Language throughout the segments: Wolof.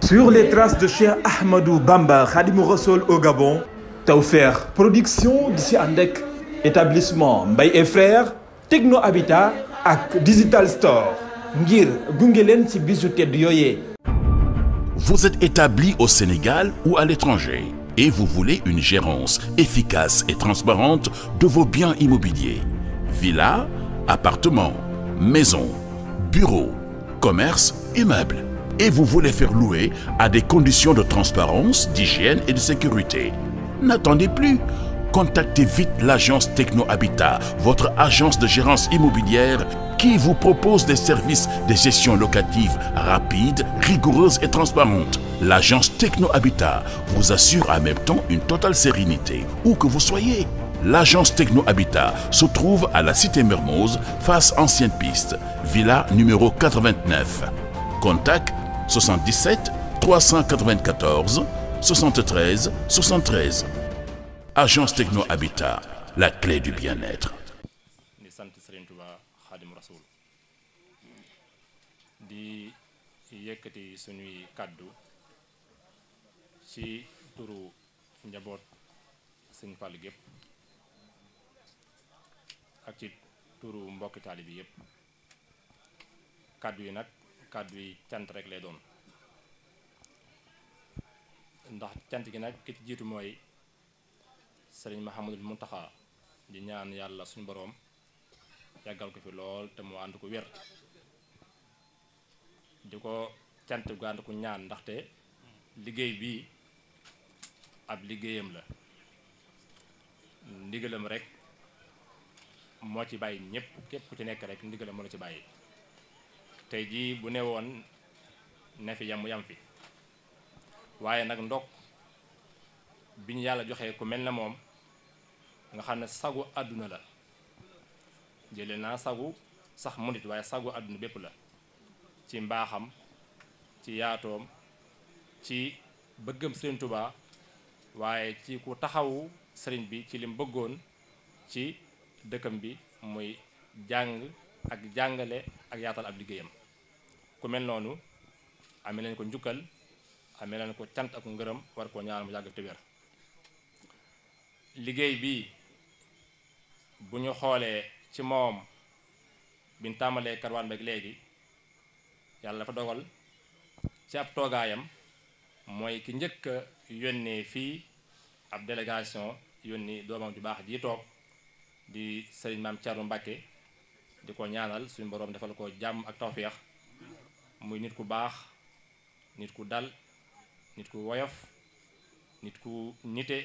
Sur les traces de Cheikh Ahmadou Bamba Khadimou Rassoul au Gabon Tawfekh Production di établissement Mbaye et Frères Techno Habitat ak Digital Store ngir gunge leen ci bisu tedd yooyee. Vous êtes établi au Sénégal ou à l'étranger et vous voulez une gérance efficace et transparente de vos biens immobiliers villas appartements maisons bureaux, commerce immeubles. Et vous voulez faire louer à des conditions de transparence, d'hygiène et de sécurité. N'attendez plus. Contactez vite l'agence Techno votre agence de gérance immobilière qui vous propose des services de gestion locative rapide, rigoureuse et transparente. L'agence Techno Habitat vous assure en même temps une totale sérénité, où que vous soyez. L'agence Techno Habitat se trouve à la cité Mermoz, face ancienne piste, villa numéro 89. Contact 77 394 73 73. Agence Techno Habitat, la clé du bien-être. di sant Serigne Touba Khadim njaboot Serigne Fall gépp ci turu mbokki taalibe yi yëpp kàddu yi nag kàddu yi cant rek lay doon ndax cant gi nag ki ci jiitu mooy sëriñ mu taxa di ñaan yàlla suñ boroom yàggal ko fi lool te mu ànd ko wér di ko cant gu ànd ko ñaan ndaxte liggéey bi ab liggéeyam la ndigalam rek moo ci bàyyi ñëpp képp ku ci nekk rek ndigal moo la ci bàyyi tey jii bu ne woon ne fi yam yam fi waaye nag ndokk bi ñu yàlla joxee ku mel na moom nga xam ne sagu àdduna la jële naa sagu sax mu waaye sagu àdduna bépp la ci mbaaxam ci yaatoom ci bëggam Sëriñ Tuubaa waaye ci ku taxawu sëriñ bi ci lim bëggoon ci dëkkam bi muy jàng ak jàngale ak yaatal ab liggéeyam ku mel noonu amee leen ko njukkal amee leen ko cant aku ngërëm war koo ñaanal mu yàgg te wér liggéey bi bu ñu xoolee ci moom bi tàmbalee karwaan beeg léegi yàlla dafa dogal ci ab toogaayam mooy ki njëkk a yónnee fii ab délégation yónni doomam ju baax ji toog di sëriñ maam Thierno Mbacke di ko ñaanal suñ borom defal ko jàmm ak tawféex muy nit ku baax nit ku dal nit ku woyof nit ku nite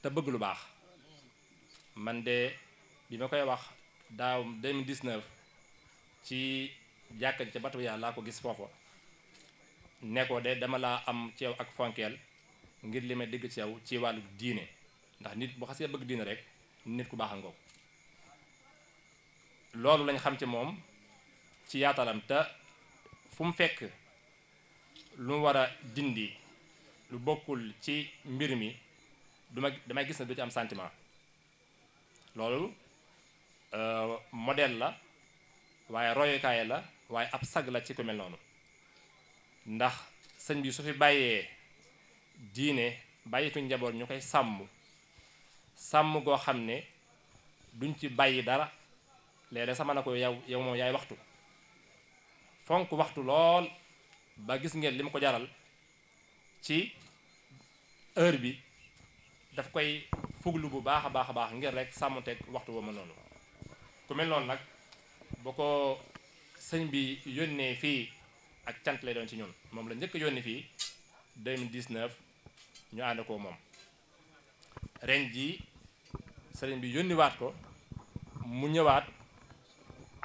te bëgg lu baax man de bi ma koy wax daaw 2019 ci jàkkañ ca batu yàlla laa ko gis foofa nekkoo de dama laa am ci ak fonkeel ngir li ma dégg ci yow ci wàllu diine ndax nit bu xasee bëgg diine rek nit ku baax a ngoog loolu lañ xam ci moom ci yaatalam te fu mu fekk lu mu war a dindi lu bokkul ci mbir mi duma damay gis ne du ci am sentiment loolu euh, modèle la waaye royukaay la waaye ab sag la ci ku mel noonu ndax sëñ bi su fi bàyyee diine bàyyi fi njaboot ñu koy sàmm sàmm goo xam ne duñ ci bàyyi dara léeg sama na ko yow yow moom yaay waxtu fonk waxtu lool ba gis ngeen li mu ko jaral ci heure bi daf koy fuglu bu baax a baax a baax ngir rek sàmmonteeg waxtu woo ma noonu ku mel noonu nag bu ko sëñ bi yónnee fii ak cant lay doon ci ñun moom la njëkk a yónni fii 2019 ñu ànd ko moom ren jii sëriñ bi yónniwaat ko mu ñëwaat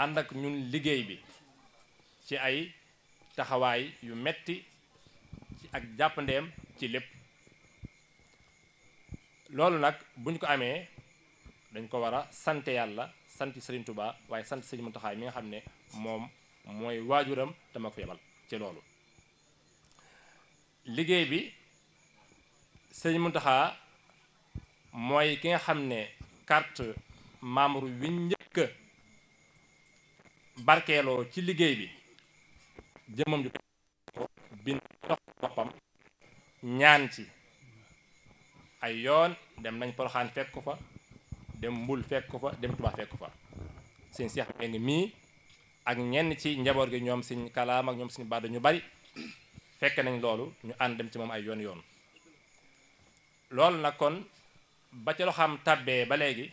ànd ak ñun liggéey bi ci ay taxawaay yu metti ci ak jàppandeem ci lépp loolu nag buñ ko amee dañ ko war a sant yàlla sant Serigne Touba waaye sant Serigne Mountakha mi nga xam ne moom mooy waajuram te ma ko yebal ci loolu liggéey bi Serigne Mountakha mooy ki nga xam ne carte membre wi njëkk barkeeloo ci liggéey bi jëmmam ju bind dox boppam ñaan ci ay yoon dem nañ poroxaan fekk ko fa dem mbul fekk ko fa dem Tuubaa fekk fa sëñ Seex Mbeng mii ak ñenn ci njaboot gi ñoom sëñ kalaam ak ñoom sëñ Bàdd ñu bari fekk nañ loolu ñu ànd dem ci moom ay yoon yoon loolu nag kon ba ca loxoom tàbbee ba léegi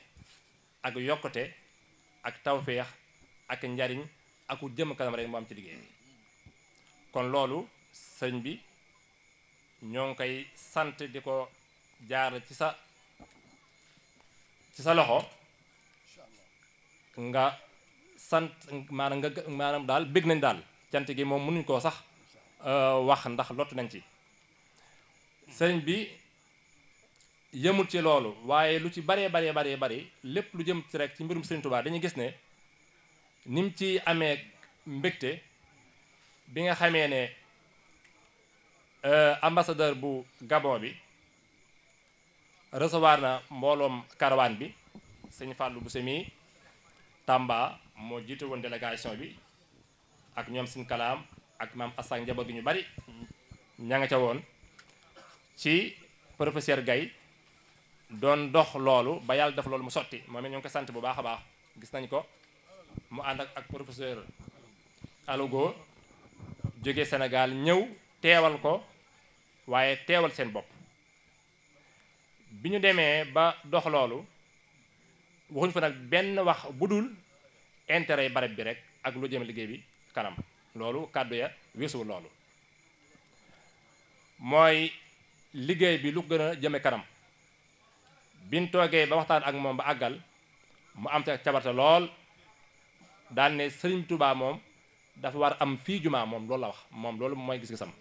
ak yokkute ak tawféex ak njariñ aku jëm kanam rek mu am ci liggéey kon loolu sëñ bi ñoo ngi koy sant di ko jaar ci sa ci sa loxo nga sant maanaam nga maanaam daal bég nañ daal cant gi moom nuñ koo sax euh, wax ndax lott nañ ci sëñ bi yëmul ci loolu waaye lu ci baree baree baree bari lépp lu jëm ci rek ci mbirum sëñ Tuubaa dañuy gis ne ni ci amee mbégte bi nga xamee ne euh, ambassadeur bu Gabon bi recevoir na mbooloom caravane bi sëñ Fallou bu semi tàmba moo jiite woon délégation bi ak ñoom sëñ Kalaam ak maam Assane njaboot gi ñu bari ña nga ca woon ci professeur Gaye doon dox loolu ba yàlla def loolu mu sotti moom it ñu ko sant bu baax a baax gis nañ ko mu ànd ak ak professeur Alugo jóge senegaal ñëw teewal ko waaye teewal seen bopp bi ñu demee ba dox loolu waxuñ fa nag benn wax bu dul intérêt yi barab bi rek ak lu jëm liggéey bi kanam loolu kàddu ya weesuwul loolu mooy liggéey bi lu gën a jëme kanam biñ toogee ba waxtaan ak moom ba àggal mu am ca cabarte lool daan ne sëriñ tubaa moom dafa war am fii jumaa moom loolu la wax moom loolu mooy gis-gisam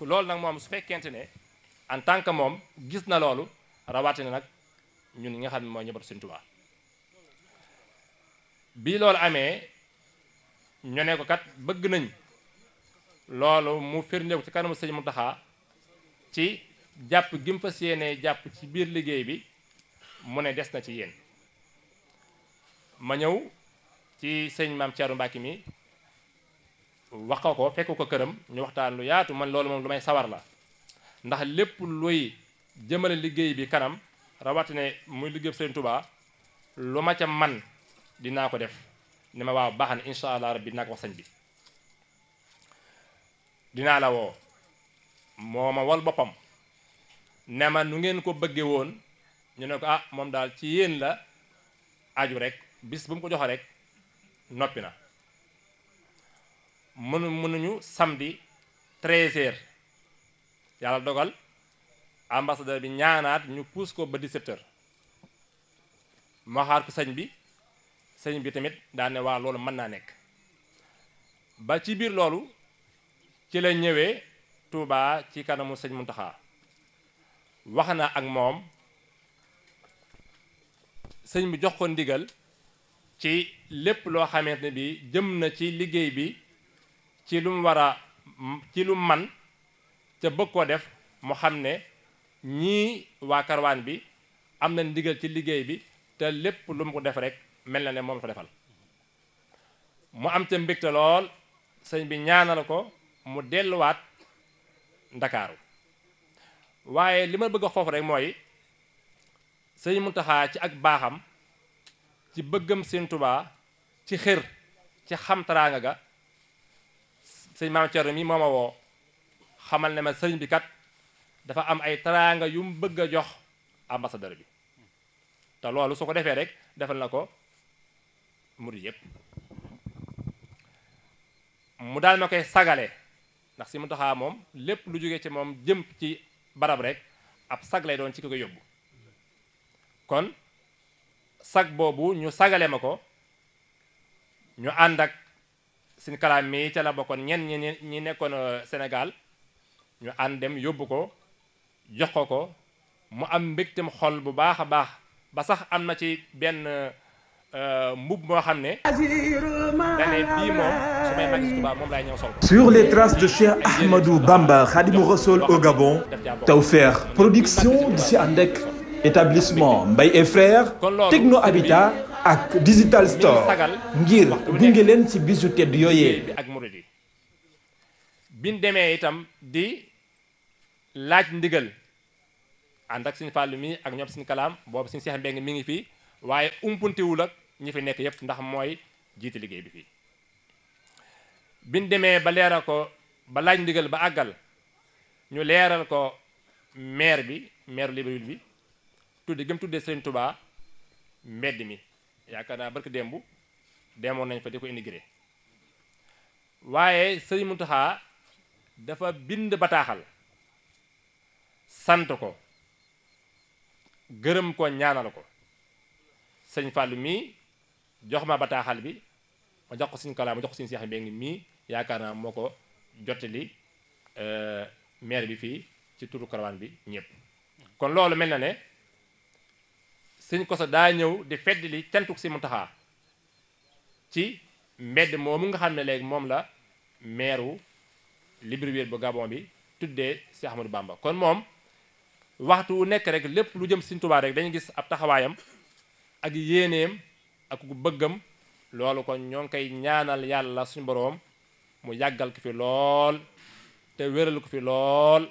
loolu nag moom su fekkente ne en tant que moom gis na loolu rawatina nag ñun ñi nga xam ne mooy ñëbatu sëriñ tubaa bii loolu amee ñu ne ko kat bëgg nañ loolu mu firndeeku ci kanamu sëñ Muntaxa ci jàpp gi mu fas yéenee jàpp ci biir liggéey bi mu ne des na ci yéen ma ñëw ci sëñ maam Thierno Mbacke mi wax ko fekk ko këram ñu waxtaan lu yaatu man loolu moom lu may sawar la ndax lépp luy jëmale liggéey bi kanam rawatina muy liggéey Sëriñ Touba lu ma ca man dinaa ko def ni ma waaw baax na incha allah rabbi dinaa ko wax sëñ bi dinaa la woo moo ma wal boppam ne ma nu ngeen ko bëggee woon ñu ne ko ah moom daal ci yéen la aju rek bis bu mu ko joxee rek noppi na mënu mënuñu samedi 13h yàlla dogal ambassadeur bi ñaanaat ñu puus ko ba 17h ko sëñ bi sëñ bi tamit daane ne waa loolu mën naa nekk ba ci biir loolu ci la ñëwee Touba ci kanamu sëñ Muntaxa wax na ak moom sëñ bi jox ko ndigal ci lépp loo xamante ne bi jëm na ci liggéey bi ci lu mu war a ci lu man ca bëgg koo def mu xam ne ñii waa karwaan bi am na ndigal ci liggéey bi te lépp lu mu ko def rek mel na ne moom la ko defal mu am ca mbégte lool sëñ bi ñaanal ko mu delluwaat ndakaaru waaye li ma bëgg a rek mooy sëñ Muntaxa ci ak baaxam ci bëggam sëñ tubaa ci xër ci xam taraanga ga sëñ maam Cerno mi moo ma woo xamal ne ma sëriñ bi kat dafa am ay taraanga yu mu bëgg a jox ambassadeur bi te loolu su ko defee rek defal na ko murid yëpp mu daal ma koy sagale ndax si mu taxaa moom lépp lu jóge ci moom jëm ci barab rek ab sag lay doon ci ki ko yóbbu kon sag boobu ñu sagale ma ko ñu ànd ak sin kalaam mi ca la bokkoon ñen ñi ñi nekkoon euh, Sénégal ñu ànd dem yóbbu ko jox ko ko mu am mbégtam xol bu baax a baax ba sax am na ci benn euh, mbubb moo xam ne dane bii moom su ñëw sol sur les traces de Cheikh Ahmadou Bamba Khadimou Rassoul au Gabon Tawfekh Production di si ànd établissement Mbaye et frères Techno Habitat ak Digital Store ngir gunge leen ci bisu tedd yooyee. biñ demee itam di laaj ndigal ànd ak suñu fàllu mi ak ñoom suñu kalaam boobu suñu seex mbeng mi ngi fii waaye umpuntiwul ak ñi fi nekk yëpp ndax mooy jiite liggéey bi fii. biñ demee ba leeral ko ba laaj ndigal ba àggal ñu leeral ko mair bi maire Libreville bi. tudde gëm tuddee Serigne Touba mbedd mi yaakaar naa barki démb demoon nañ fa di ko intégré waaye Serigne Mountakha dafa bind bataaxal sant ko gërëm ko ñaanal ko sëñ Fallou mii jox ma bataaxal bi ma jox ko suñ kalaa ma jox ko suñ seex mbéy mii yaakaar naa moo ko jottali euh, maire bi fii ci turu karawaan bi ñëpp kon loolu mel na ne sëñ Koso daa ñëw di feddi li cantuk si taxa ci mbedd moomu nga xam ne léegi moom la meeru Libreville bu Gabon bi tuddee si Ahmadou Bamba kon moom waxtu wu nekk rek lépp lu jëm siñ tubaa rek dañu gis ab taxawaayam ak yéeneem ak gu bëggam loolu kon ñoo ngi koy ñaanal yàlla suñ boroom mu yàggal ko fi lool te wéral ko fi lool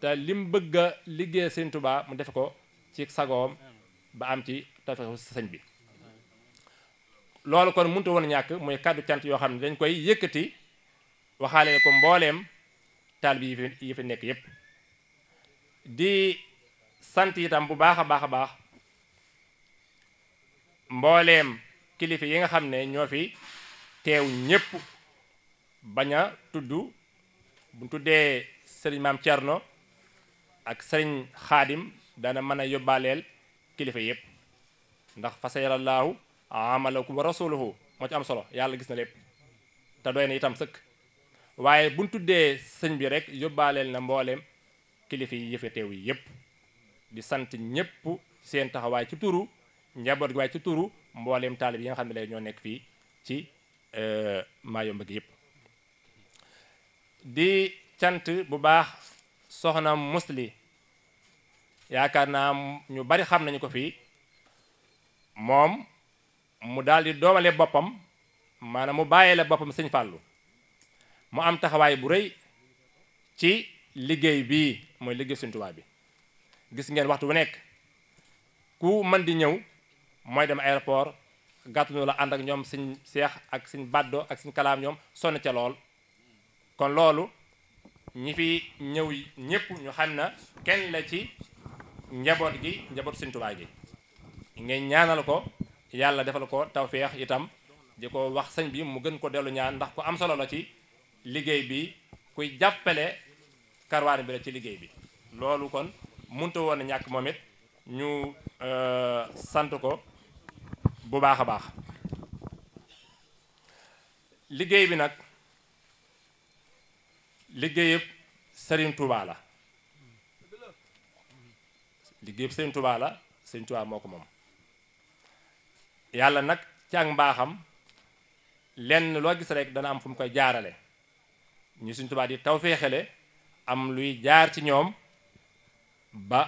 te lim bëgg a liggéey Sëñ mu def ko ci sagoom ba am ci tawfeexu sëñ bi loolu kon mënut woon ñàkk mooy kàddu cant yoo xam ne dañ koy yëkkati waxaale ko mbooleem taal bi yi fi nekk yépp di sant itam bu baax a baax a baax mbooleem kilifa yi nga xam ne ñoo fi teew ñépp bañ a tudd bu tuddee sëriñ maam Thierno ak sëriñ xaadim dana mën a yóbbaaleel kilifa yëpp ndax fa sayarallaahu amalakum wa rasuluhu moo ci am solo yàlla gis na lépp te doy na itam sëkk waaye buñ tuddee sëñ bi rek yóbbaaleel na mbooleem kilifa yi yëfe yi yëpp di sant ñëpp seen taxawaay ci turu njaboot gi waaye ci turu mbooleem taalib yi nga xam ne lay ñoo nekk fii ci e, Mayumba gi yëpp di cant bu baax soxna musli yaakaar naa ñu bari xam nañu ko fii moom mu daldi di doomale boppam maanaam mu bàyyee la boppam sëñ Fallou mu am taxawaay bu rëy ci liggéey bii mooy liggéey sëñ Tuubaa bi gis ngeen waxtu bu nekk ku mën di ñëw mooy dem aéroport gàttunu la ànd ak ñoom sëñ Seex ak sëñ Baddo ak sëñ Kalaam ñoom sonn ca lool kon loolu ñi fi ñëw ñëpp ñu xam na kenn la ci njaboot gi njaboot Sëñ Tuubaa gi ngay ñaanal ko yàlla defal ko tawféex itam di ko wax sëñ bi mu gën ko dellu ñaan ndax ku am solo la ci liggéey bi kuy jàppale karwaan bi la ci liggéey bi loolu kon munta woon ñàkk moom it ñu euh, sant ko bu baax a baax liggéey bi nag liggéeyëb Sëriñ Tuubaa la liggéey sëñ tubaa la sëñ tubaa moo ko moom yàlla nag ci ak mbaaxam lenn loo gis rek dana am fu mu koy jaarale ñu sëñ tubaa di taw am luy jaar ci ñoom ba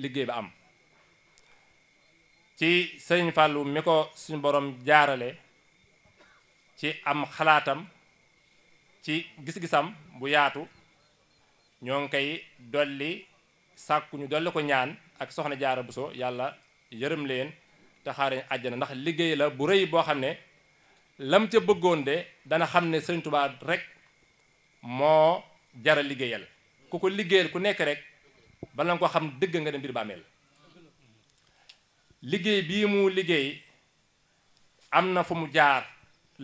liggéey ba am ci sëñ Fallou mi ko suñu borom jaarale ci am xalaatam ci gis-gisam bu yaatu ñoo ngi koy dolli sàkku ñu dolli ko ñaan ak soxna jaara buso yàlla yërëm leen te xaaree ndax liggéey la bu rëy boo xam ne lam ca bëggoon de dana xam ne sëñ Tuubaa rek moo jara liggéeyal ku ko liggéeyal ku nekk rek bala nga ko xam dëgg nga dem biir bàmmeel liggéey bii mu liggéey am na fu mu jaar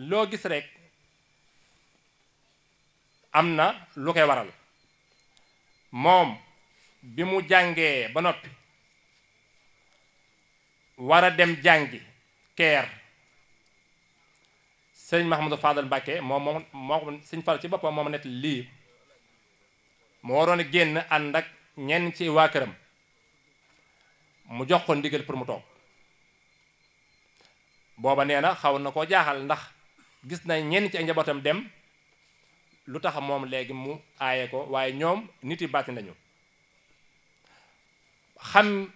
loo gis rekk am na lu koy waral moom bi mu jàngee ba noppi war a dem jàngi keer sëñ Mahamadou Fadal Mbacke moom moom moo sëñ Fall ci boppam moom nett lii mu waroon a génn ànd ak ñenn ci waa këram mu jox ko ndigal pour mu toog booba nee na xaw na koo jaaxal ndax gis na ñenn ci ay njabootam dem lu tax moom léegi mu aaye ko waaye ñoom nit yi bàtti nañu xam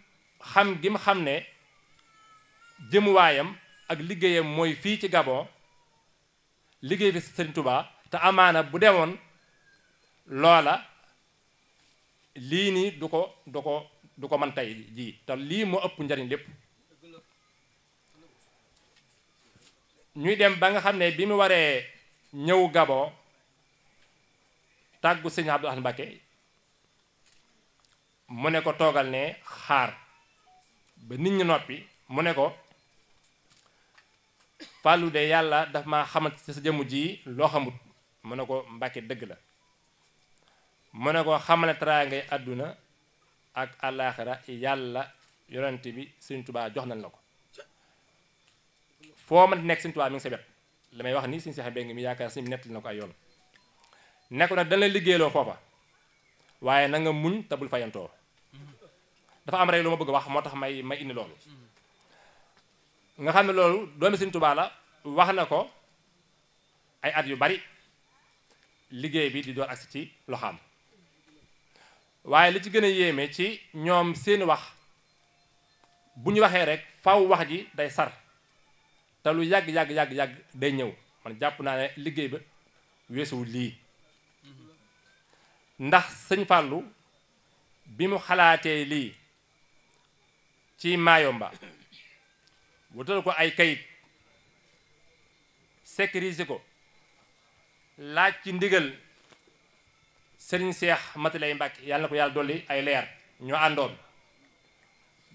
xam gim xam ne jëmuwaayam ak liggéeyam mooy fii ci Gabon liggéey fi Sëriñ Tuubaa te amaana bu demoon loola lii nii du ko du ko du ko mën tey jii te lii moo ëpp njariñ lépp ñuy dem ba nga xam ne bi mu waree ñëw Gabon tàggu Sëriñ Abdou Ahad Mbacké mu ne ko toogal ne xaar ba nit ñi noppi mu ne ko fàllu de yàlla daf ma xamal ci sa jëmm ji loo xamut mu ne ko mbàkke dëgg la mu ne ko xamale traa ngay àdduna ak àllaaxira yàlla yonent bi sëñ tubaa jox nañ na ko foo mën nekk sëñ tubaa mi ngi sa wet la may wax ni sëñ Seex Mbeng mi yaakaar sëñ nett na ko ay yoon nekku nag dana liggéeyloo foofa waaye nanga nga muñ tabul fayantoo dafa am rek lu ma bëgg wax moo tax may may indi loolu nga xam ne loolu doomi Sëriñ Tuubaa wax na ko ay at yu bari liggéey bi di door agsi ci loxaam waaye li ci gën a yéeme ci ñoom seen wax bu ñu waxee rek faw wax ji day sar te lu yàgg yàgg yàgg yàgg day ñëw man jàpp naa ne liggéey ba weesuwul lii ndax sëñ Fàllu bi mu xalaatee lii ci Mayomba wutal ko ay kayit sécuriser ko laaj ci ndigal Serigne Cheikh Matalay Mbacke yàlla na ko yàlla dolli ay leer ñu àndoon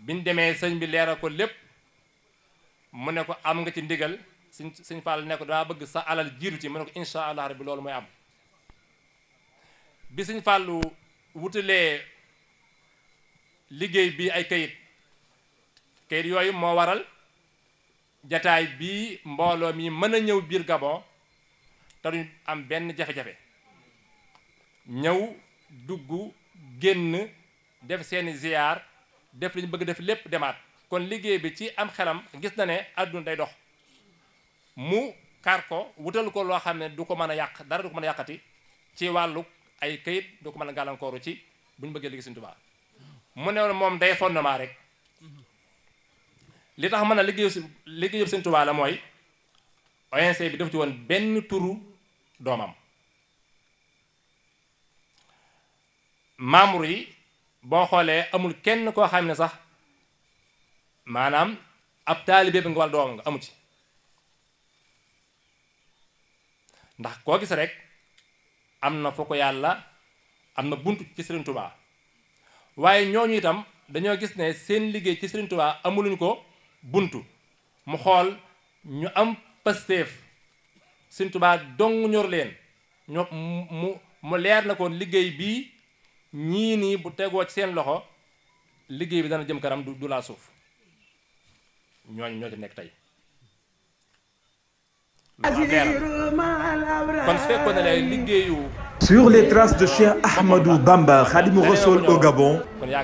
ñu demee sëñ bi leeral ko lépp mu ne ko am nga ci ndigal suñ suñ Fall nekk ko daa bëgg sa alal jiitu ci mu ne ko incha allah rabbi loolu mooy am bi suñ Fall wutalee liggéey bi ay kayit. kayit yooyu moo waral jataay bii mbooloo mi mën a ñëw biir Gabon te duñ am benn jafe-jafe ñëw dugg génn def seeni ziyaar def li ñu bëgg def lépp demaat kon liggéey bi ci am xelam gis na ne àdduna day dox mu kar ko wutal ko loo xam ne du ko mën a yàq dara du ko mën a yàqati ci wàllu ay kayit du ko mën a gàllankooru ci bu ñu bëggee liggéey Sëñ Tuubaa mu ne moom day fondement rek li tax mën a liggéeyu si liggéeyu Sëñ Tuubaa la mooy ONC bi def ci woon benn turu doomam membre yi boo xoolee amul kenn koo xam ne sax maanaam ab taalibe bi nga wal doomam nga amu ci ndax koo gis rek am na foo ko yàlla am na bunt ci Sëriñ Tuubaa waaye ñooñu itam dañoo gis ne seen liggéey ci Sëriñ Tuubaa amuluñ ko buntu mu xool ñu am pasteef Sëñ Tuubaa dong ñor leen ño mu mu leer na koon liggéey bi ñii nii bu tegoo ci seen loxo liggéey bi dana jëm kanam du du laa suuf ñooñu ñoo ci nekk tey kon su fekkoon lay liggéeyu Sur les traces de Cheikh Ahmadou Bamba Khadimou Rassoul au Gabon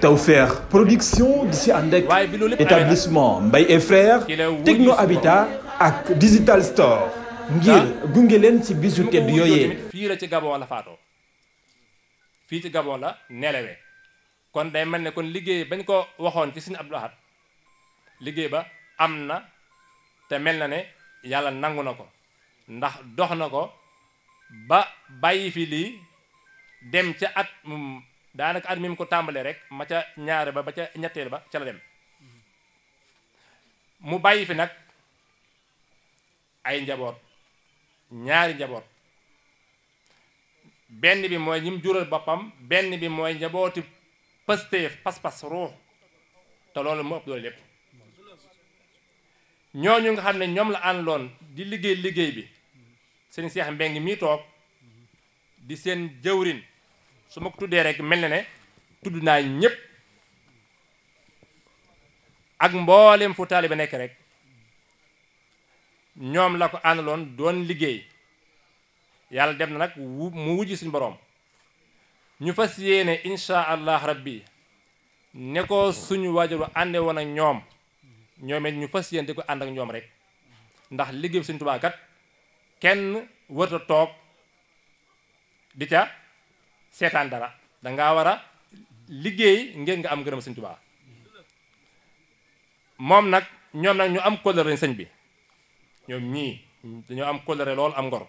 Tawfekh Production di si ànd ak établissement Mbaye et Frères Techno Habitat ak Digital Store ngir gunge leen ci bisu tedd yooyee fii la ci Gabon la faatoo fii ci Gabon la nelawee kon day mel ne kon liggéey bañ ko waxoon ci Sëriñ Abdou Lahad liggéey ba am na te mel na ne yàlla nangu na ko ndax dox na ko ba bàyyi fi lii dem ca at moom daanaka at mi ko tàmbalee rek ma ca ñaare ba ba ca ñetteel ba ca la dem mu bàyyi fi nag ay njaboot ñaari njaboot benn bi mooy ñi mu jural boppam benn bi mooy njabooti pësteef pas-pas ruux te loolu mu ëpp doole lépp ñooñu nga xam ne ñoom la àndoon di liggéey liggéey bi sëñ Seex Mbeng mii toog di seen jëwrin su ma ko tuddee rek mel na ne tudd naa ñépp ak mboolem fu taalibe nekk rek ñoom la ko àndaloon doon liggéey yàlla dem na nag mu wujj suñu boroom ñu fas yéene insha allah rabbi ne ko suñu waajur ànde woon ak ñoom ñoom it ñu fas yéene di ko ànd ak ñoom rek ndax liggéey bi suñu tubaakat kenn wërta toog di ca seetaan dara dangaa war a liggéey ngeen nga am ngërëm sëñ Tuubaa moom nag ñoom nag ñu am kóllëre sëñ bi ñoom ñii dañoo am kóllëre lool am ngor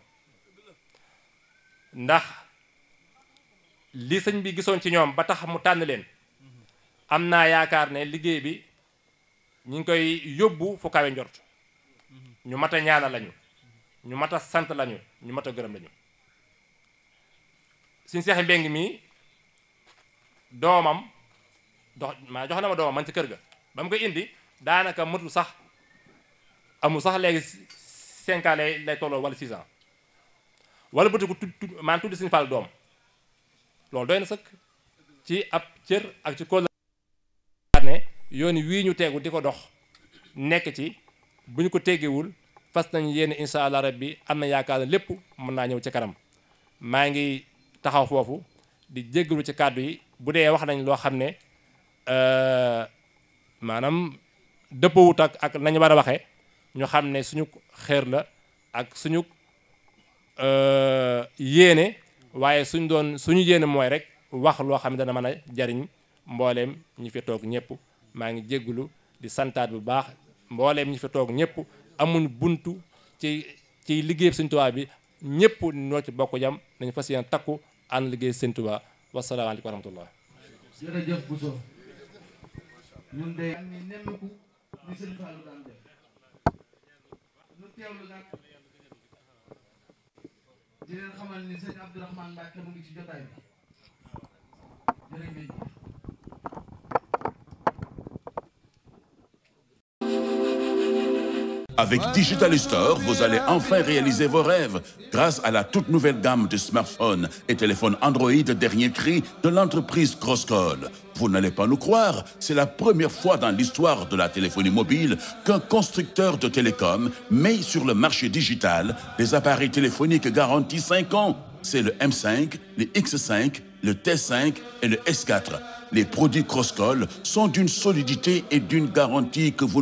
ndax li sëñ bi gisoon ci ñoom ba tax mu tànn leen am naa yaakaar ne liggéey bi ñu ngi koy yóbbu fu kawe ñu mat a lañu ñu mat a sant lañu ñu mat a gërëm lañu suñ seexi mbéng mii doomam dox maa jox na ma doomam man ci kër ga ba mu koy indi daanaka matul sax amul sax léegi cinq ans lay lay tolloo wala six ans bëti ko tudd maan tudd suñu Fall doom loolu doy na sëkk ci ab cër ak ci kóol ne yoon wii ñu teegu di ko dox nekk ci bu ñu ko teggewul fas nañ yéen incha allah rabbi am na yaakaar ne lépp mën naa ñëw ci kanam maa ngi taxaw foofu di jéggalu ci kàddu yi bu dee wax nañ loo xam ne euh, maanaam dëppawut ak ak nañu war a waxee ñu xam ne suñu xeer la ak suñu euh, yéene waaye suñ doon suñu yéene mooy rek wax loo xam ne dana mën a jariñ mbooleem ñi fi toog ñëpp maa ngi jéggulu di santaat bu baax mbooleem ñi fi toog ñëpp amuñ bunt ci ci liggéey Sëñ Tuubaa bi ñëpp ñoo ci bokk jam nañ fas yéene takku ànd am ni nemmiku ni Sëñ Fallou daan def Avec Digital Store, vous allez enfin réaliser vos rêves grâce à la toute nouvelle gamme de smartphones et téléphones Android dernier cri de l'entreprise Crosscall. Vous n'allez pas nous croire, c'est la première fois dans l'histoire de la téléphonie mobile qu'un constructeur de télécom met sur le marché digital des appareils téléphoniques garantis 5 ans. C'est le M5, le X5, le T5 et le S4. Les produits Crosscall sont d'une solidité et d'une garantie que vous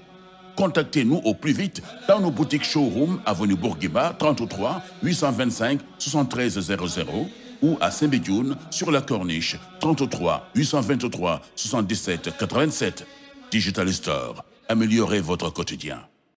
Contactez-nous au plus vite dans nos boutiques showroom avenue Bourguiba 33 825 73 00 ou à Soumbédioune sur la Corniche 33 823 77 87 Digital Store améliorez votre quotidien